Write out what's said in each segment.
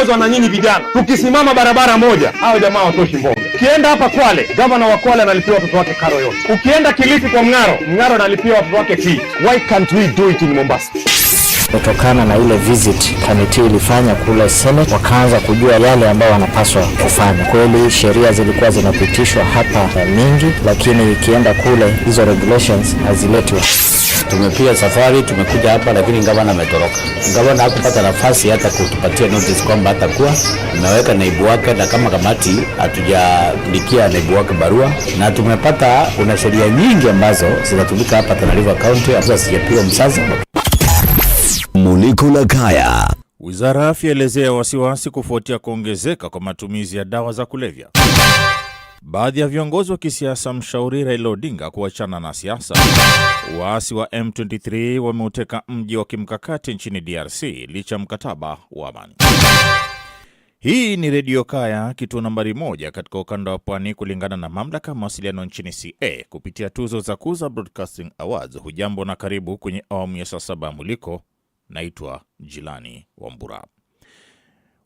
tunaongozwa na nyinyi vijana, tukisimama barabara moja, hao jamaa watoshi mboga. Ukienda hapa Kwale, gavana wa Kwale analipia watoto wake karo yote. Ukienda Kilifi kwa Mng'aro, Mng'aro analipia watoto wake fee. Why can't we do it in Mombasa? kutokana na ile visit kamati ilifanya kule Senate, wakaanza kujua yale ambayo wanapaswa kufanya. Kweli sheria zilikuwa zinapitishwa hapa mingi, lakini ikienda kule hizo regulations haziletwi. Tumepiga safari, tumekuja hapa, lakini gavana ametoroka. Gavana hakupata nafasi hata kutupatia notice kwamba hatakuwa ameweka naibu wake, na kama kamati hatujaandikia naibu wake barua, na tumepata kuna sheria nyingi ambazo zinatumika hapa Tana River County ambazo hazijapiga msasa na Kaya. Wizara ya Afya elezea wasiwasi kufuatia kuongezeka kwa matumizi ya dawa za kulevya. Baadhi ya viongozi wa kisiasa mshauri Raila Odinga kuachana na siasa. Waasi wa M23 wameuteka mji wa kimkakati nchini DRC licha mkataba wa amani. Hii ni Redio Kaya, kituo nambari moja katika ukanda wa pwani kulingana na mamlaka ya mawasiliano nchini CA kupitia tuzo za Kuza Broadcasting Awards. Hujambo na karibu kwenye awamu ya saa saba ya Muliko naitwa Jilani Wambura.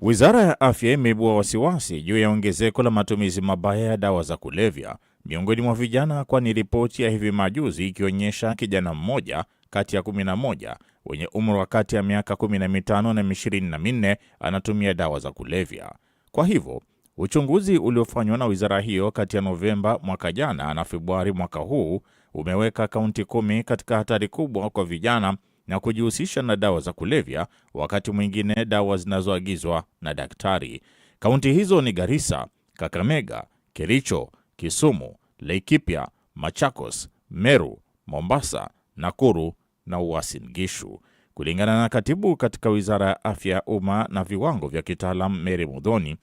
Wizara ya Afya imeibua wasiwasi juu ya ongezeko la matumizi mabaya ya dawa za kulevya miongoni mwa vijana, kwani ripoti ya hivi majuzi ikionyesha kijana mmoja kati ya 11 wenye umri wa kati ya miaka 15 na 24 anatumia dawa za kulevya. Kwa hivyo uchunguzi uliofanywa na wizara hiyo kati ya Novemba mwaka jana na Februari mwaka huu umeweka kaunti kumi katika hatari kubwa kwa vijana na kujihusisha na dawa za kulevya, wakati mwingine dawa zinazoagizwa na daktari. Kaunti hizo ni Garissa, Kakamega, Kericho, Kisumu, Laikipia, Machakos, Meru, Mombasa, Nakuru na Uasin Gishu. Kulingana na katibu katika wizara ya afya ya umma na viwango vya kitaalamu Mary Mudhoni,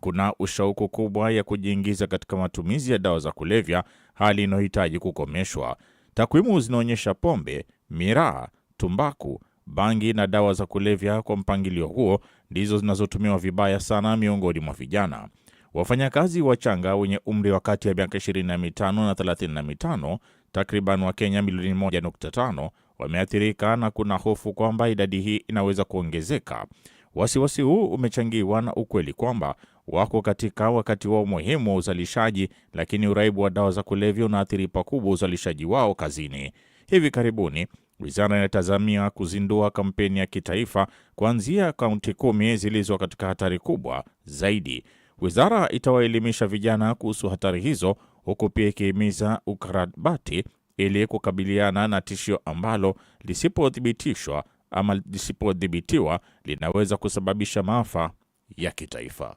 kuna ushauku kubwa ya kujiingiza katika matumizi ya dawa za kulevya, hali inayohitaji kukomeshwa. Takwimu zinaonyesha pombe, miraa tumbaku, bangi na dawa za kulevya. Kwa mpangilio huo, ndizo zinazotumiwa vibaya sana miongoni mwa vijana. Wafanyakazi wachanga wenye umri wa kati ya miaka 25 na 35, takriban Wakenya milioni 1.5 wameathirika na kuna hofu kwamba idadi hii inaweza kuongezeka. Wasiwasi huu umechangiwa na ukweli kwamba wako katika wakati wao muhimu wa uzalishaji, lakini uraibu wa dawa za kulevya unaathiri pakubwa uzalishaji wao kazini. Hivi karibuni Wizara inatazamia kuzindua kampeni ya kitaifa kuanzia kaunti kumi zilizo katika hatari kubwa zaidi. Wizara itawaelimisha vijana kuhusu hatari hizo, huku pia ikihimiza ukarabati ili kukabiliana na tishio ambalo lisipothibitishwa ama lisipodhibitiwa linaweza kusababisha maafa ya kitaifa.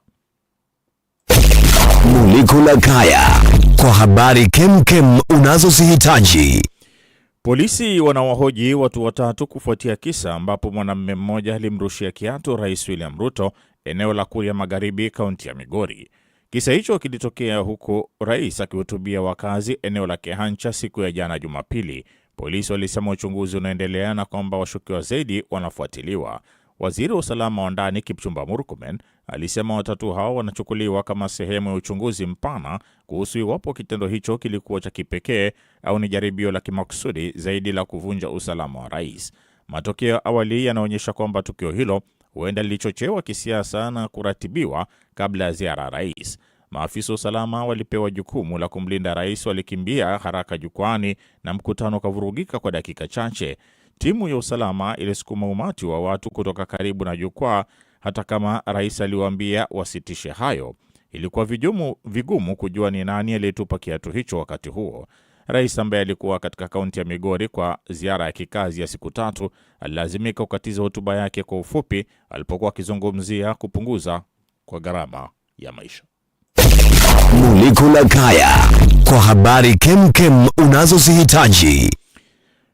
la Kaya, kwa habari kemkem unazozihitaji. Polisi wanawahoji watu watatu kufuatia kisa ambapo mwanamume mmoja alimrushia kiatu Rais William Ruto eneo la Kuria Magharibi, kaunti ya Migori. Kisa hicho kilitokea huku rais akihutubia wakazi eneo la Kehancha siku ya jana Jumapili. Polisi walisema uchunguzi unaendelea na kwamba washukiwa zaidi wanafuatiliwa. Waziri wa usalama wa ndani Kipchumba Murkomen Alisema watatu hao wanachukuliwa kama sehemu ya uchunguzi mpana kuhusu iwapo kitendo hicho kilikuwa cha kipekee au ni jaribio la kimakusudi zaidi la kuvunja usalama wa rais. Matokeo ya awali yanaonyesha kwamba tukio hilo huenda lilichochewa kisiasa na kuratibiwa kabla ya ziara ya rais. Maafisa wa usalama walipewa jukumu la kumlinda rais, walikimbia haraka jukwani na mkutano ukavurugika kwa dakika chache. Timu ya usalama ilisukuma umati wa watu kutoka karibu na jukwaa hata kama rais aliwaambia wasitishe hayo. Ilikuwa vijumu, vigumu kujua ni nani aliyetupa kiatu hicho wakati huo. Rais ambaye alikuwa katika kaunti ya Migori kwa ziara ya kikazi ya siku tatu alilazimika kukatiza hotuba yake kwa ufupi alipokuwa akizungumzia kupunguza kwa gharama ya maisha. Mulikula Kaya kwa habari kemkem unazozihitaji.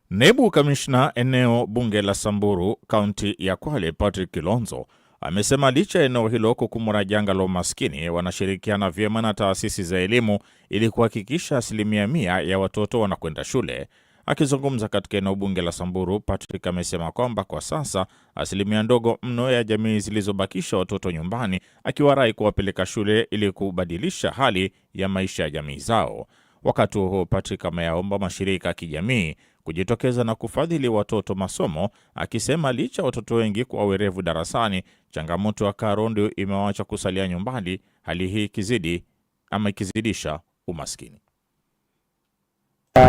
Naibu kamishna eneo bunge la Samburu kaunti ya Kwale Patrick Kilonzo Amesema licha ya eneo hilo kukumbwa na janga la umaskini, wanashirikiana vyema na taasisi za elimu ili kuhakikisha asilimia mia ya watoto wanakwenda shule. Akizungumza katika eneo bunge la Samburu, Patrick amesema kwamba kwa sasa asilimia ndogo mno ya jamii zilizobakisha watoto nyumbani, akiwarai kuwapeleka shule ili kubadilisha hali ya maisha ya jamii zao. Wakati huo Patrick ameyaomba mashirika ya kijamii kujitokeza na kufadhili watoto masomo, akisema licha watoto wengi kuwa werevu darasani, changamoto ya karo ndio imewacha kusalia nyumbani, hali hii ikizidi ama ikizidisha umaskini. Uh,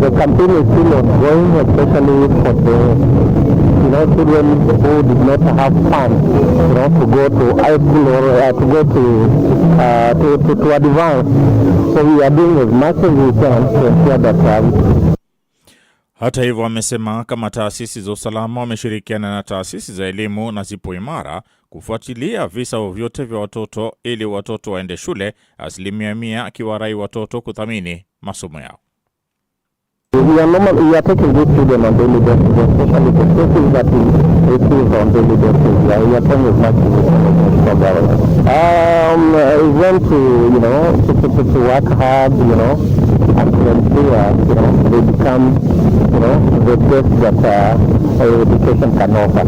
the campaign is still ongoing, especially for the you know children who did not have funds, you know, to go to high school or uh, to go to, uh, to to to advance. So we are doing as much as we can to ensure that. Um, hata hivyo, amesema kama taasisi za usalama wameshirikiana na taasisi za elimu na zipo imara kufuatilia visa vyovyote vya watoto ili watoto waende shule asilimia mia, akiwarai watoto kuthamini masomo yao. Genom att jag tycker det skulle man bli lite bättre, man lite specifika till tillstånd, det blir bättre. Jag är jättenyfiken på vad from är. Um, we want to, you know, to, to, to, to work hard, you know, and volunteers, you know, they become, you know, the best that uh, education can offer.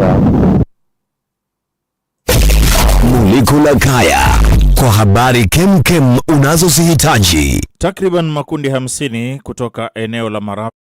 Yeah. Mulikula Kaya. kwa habari kemkem unazozihitaji. Takriban makundi hamsini kutoka eneo la Maraba